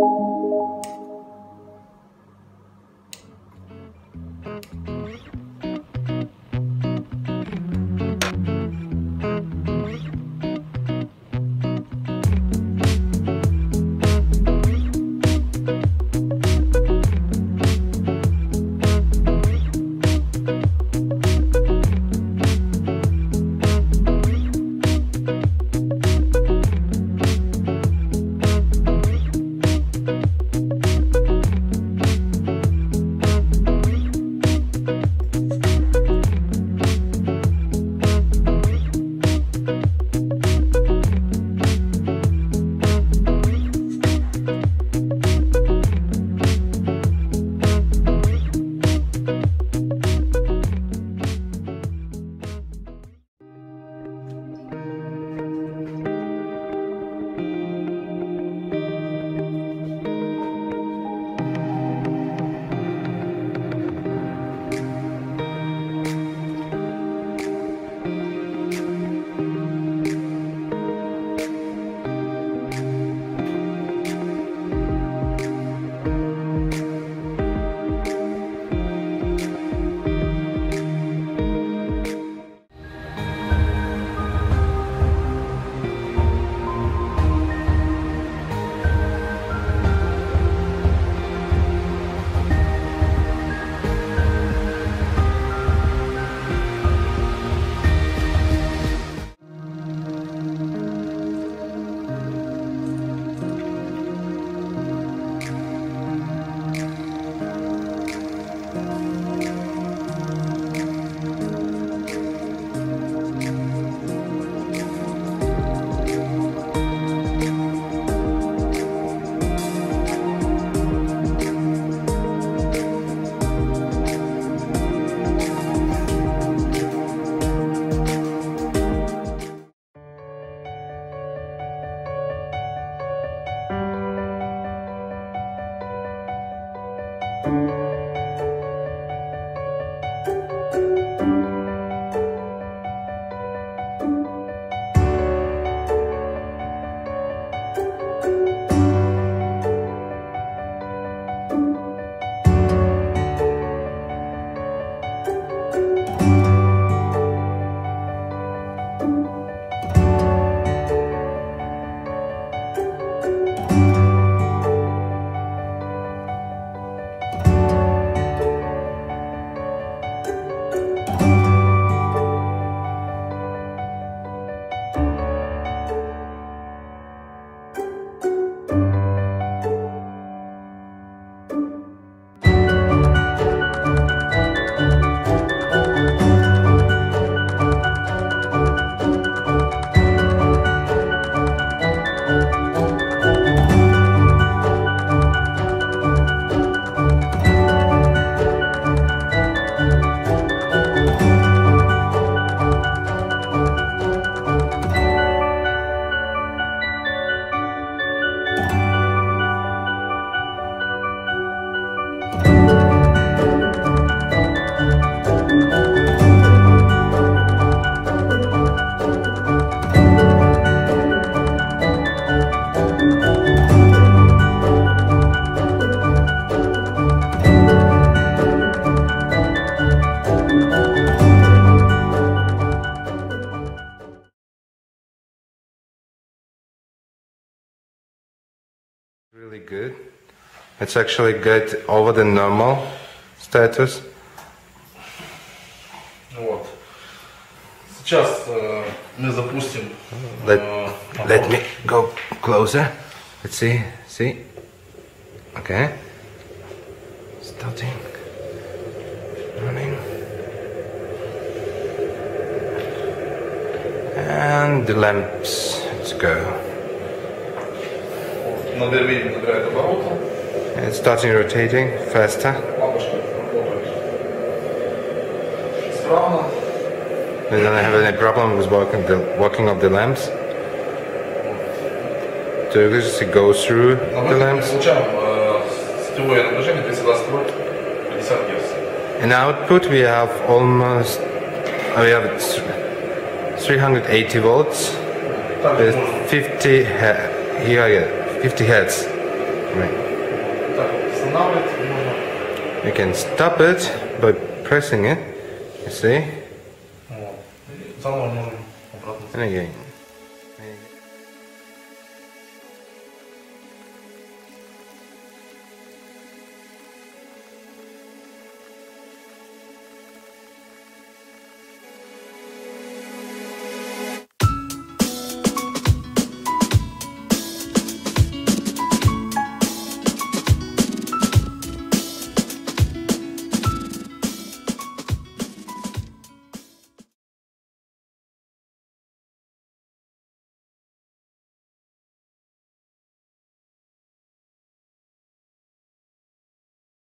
thank you. really good. It's actually good over the normal status. Вот. Сейчас э, мы запустим. Э, let, let me go closer. Let's see, see. Okay. Starting. Running. And the lamps. Let's go. It's starting rotating faster. We don't have any problem with walking, the, walking of the lamps. So you just go through the lamps. In output we have almost we have 380 volts with 50 here 50 hertz. Right. So now it's moving. You can stop it by pressing it. You see? And again.